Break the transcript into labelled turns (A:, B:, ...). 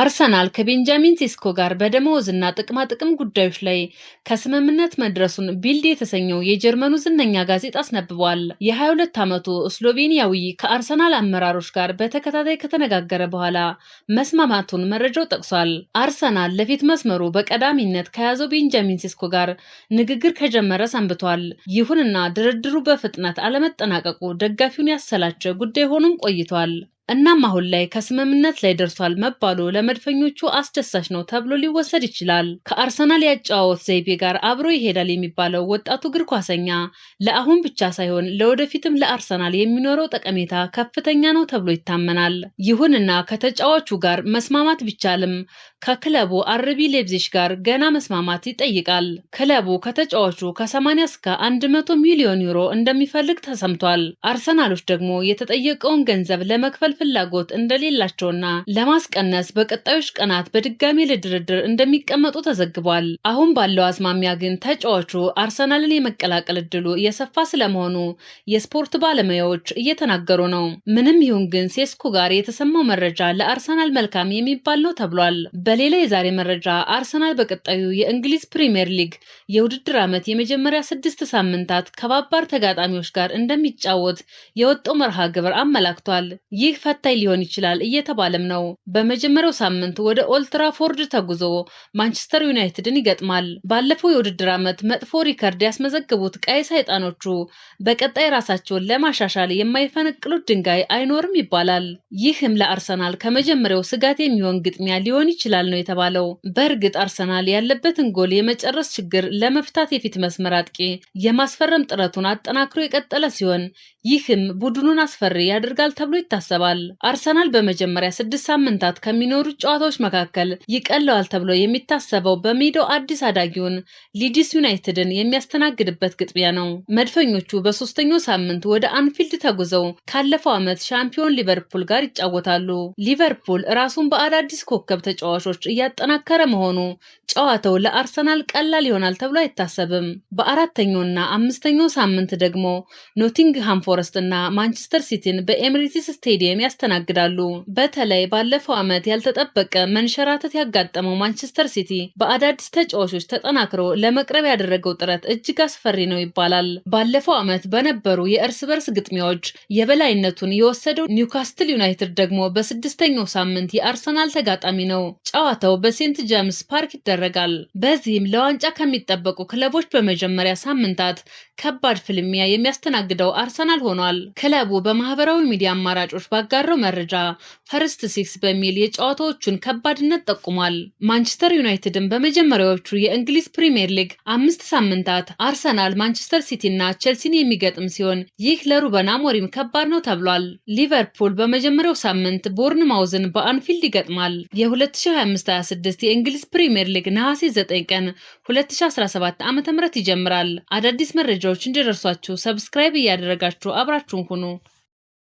A: አርሰናል ከቤንጃሚን ሴስኮ ጋር በደመወዝ እና ጥቅማ ጥቅም ጉዳዮች ላይ ከስምምነት መድረሱን ቢልድ የተሰኘው የጀርመኑ ዝነኛ ጋዜጣ አስነብቧል። የ22 ዓመቱ ስሎቬኒያዊ ከአርሰናል አመራሮች ጋር በተከታታይ ከተነጋገረ በኋላ መስማማቱን መረጃው ጠቅሷል። አርሰናል ለፊት መስመሩ በቀዳሚነት ከያዘው ቤንጃሚን ሴስኮ ጋር ንግግር ከጀመረ ሰንብቷል። ይሁንና ድርድሩ በፍጥነት አለመጠናቀቁ ደጋፊውን ያሰላቸ ጉዳይ ሆኖም ቆይቷል። እናም አሁን ላይ ከስምምነት ላይ ደርሷል መባሉ ለመድፈኞቹ አስደሳች ነው ተብሎ ሊወሰድ ይችላል። ከአርሰናል ያጫወት ዘይቤ ጋር አብሮ ይሄዳል የሚባለው ወጣቱ እግር ኳሰኛ ለአሁን ብቻ ሳይሆን ለወደፊትም ለአርሰናል የሚኖረው ጠቀሜታ ከፍተኛ ነው ተብሎ ይታመናል። ይሁንና ከተጫዋቹ ጋር መስማማት ቢቻልም ከክለቡ አርቢ ሌብዚሽ ጋር ገና መስማማት ይጠይቃል። ክለቡ ከተጫዋቹ ከ80 እስከ 100 ሚሊዮን ዩሮ እንደሚፈልግ ተሰምቷል። አርሰናሎች ደግሞ የተጠየቀውን ገንዘብ ለመክፈል የመቀበል ፍላጎት እንደሌላቸውና ለማስቀነስ በቀጣዮች ቀናት በድጋሚ ለድርድር እንደሚቀመጡ ተዘግቧል። አሁን ባለው አዝማሚያ ግን ተጫዋቹ አርሰናልን የመቀላቀል እድሉ እየሰፋ ስለመሆኑ የስፖርት ባለሙያዎች እየተናገሩ ነው። ምንም ይሁን ግን ሴስኩ ጋር የተሰማው መረጃ ለአርሰናል መልካም የሚባል ነው ተብሏል። በሌላ የዛሬ መረጃ አርሰናል በቀጣዩ የእንግሊዝ ፕሪምየር ሊግ የውድድር ዓመት የመጀመሪያ ስድስት ሳምንታት ከባባር ተጋጣሚዎች ጋር እንደሚጫወት የወጣው መርሃ ግብር አመላክቷል። ይህ ፈታኝ ሊሆን ይችላል እየተባለም ነው። በመጀመሪያው ሳምንት ወደ ኦልትራፎርድ ተጉዞ ማንቸስተር ዩናይትድን ይገጥማል። ባለፈው የውድድር ዓመት መጥፎ ሪከርድ ያስመዘገቡት ቀይ ሰይጣኖቹ በቀጣይ ራሳቸውን ለማሻሻል የማይፈነቅሉት ድንጋይ አይኖርም ይባላል። ይህም ለአርሰናል ከመጀመሪያው ስጋት የሚሆን ግጥሚያ ሊሆን ይችላል ነው የተባለው። በእርግጥ አርሰናል ያለበትን ጎል የመጨረስ ችግር ለመፍታት የፊት መስመር አጥቂ የማስፈረም ጥረቱን አጠናክሮ የቀጠለ ሲሆን ይህም ቡድኑን አስፈሪ ያደርጋል ተብሎ ይታሰባል። ተጠቅሷል። አርሰናል በመጀመሪያ ስድስት ሳምንታት ከሚኖሩ ጨዋታዎች መካከል ይቀለዋል ተብሎ የሚታሰበው በሜዳው አዲስ አዳጊውን ሊዲስ ዩናይትድን የሚያስተናግድበት ግጥሚያ ነው። መድፈኞቹ በሶስተኛው ሳምንት ወደ አንፊልድ ተጉዘው ካለፈው ዓመት ሻምፒዮን ሊቨርፑል ጋር ይጫወታሉ። ሊቨርፑል ራሱን በአዳዲስ ኮከብ ተጫዋቾች እያጠናከረ መሆኑ ጨዋታው ለአርሰናል ቀላል ይሆናል ተብሎ አይታሰብም። በአራተኛውና አምስተኛው ሳምንት ደግሞ ኖቲንግሃም ፎረስት እና ማንቸስተር ሲቲን በኤምሬትስ ስቴዲየም ያስተናግዳሉ። በተለይ ባለፈው ዓመት ያልተጠበቀ መንሸራተት ያጋጠመው ማንቸስተር ሲቲ በአዳዲስ ተጫዋቾች ተጠናክሮ ለመቅረብ ያደረገው ጥረት እጅግ አስፈሪ ነው ይባላል። ባለፈው ዓመት በነበሩ የእርስ በርስ ግጥሚያዎች የበላይነቱን የወሰደው ኒውካስትል ዩናይትድ ደግሞ በስድስተኛው ሳምንት የአርሰናል ተጋጣሚ ነው። ጨዋታው በሴንት ጀምስ ፓርክ ይደረጋል። በዚህም ለዋንጫ ከሚጠበቁ ክለቦች በመጀመሪያ ሳምንታት ከባድ ፍልሚያ የሚያስተናግደው አርሰናል ሆኗል። ክለቡ በማህበራዊ ሚዲያ አማራጮች ባጋ ባጋራው መረጃ ፈርስት ሲክስ በሚል የጨዋታዎቹን ከባድነት ጠቁሟል። ማንቸስተር ዩናይትድን በመጀመሪያዎቹ የእንግሊዝ ፕሪምየር ሊግ አምስት ሳምንታት አርሰናል፣ ማንቸስተር ሲቲና ቼልሲን የሚገጥም ሲሆን ይህ ለሩበን አሞሪም ከባድ ነው ተብሏል። ሊቨርፑል በመጀመሪያው ሳምንት ቦርንማውዝን በአንፊልድ ይገጥማል። የ2025/26 የእንግሊዝ ፕሪምየር ሊግ ነሐሴ 9 ቀን 2017 ዓ.ም ይጀምራል። አዳዲስ መረጃዎች እንዲደርሷችሁ ሰብስክራይብ እያደረጋችሁ አብራችሁን ሁኑ።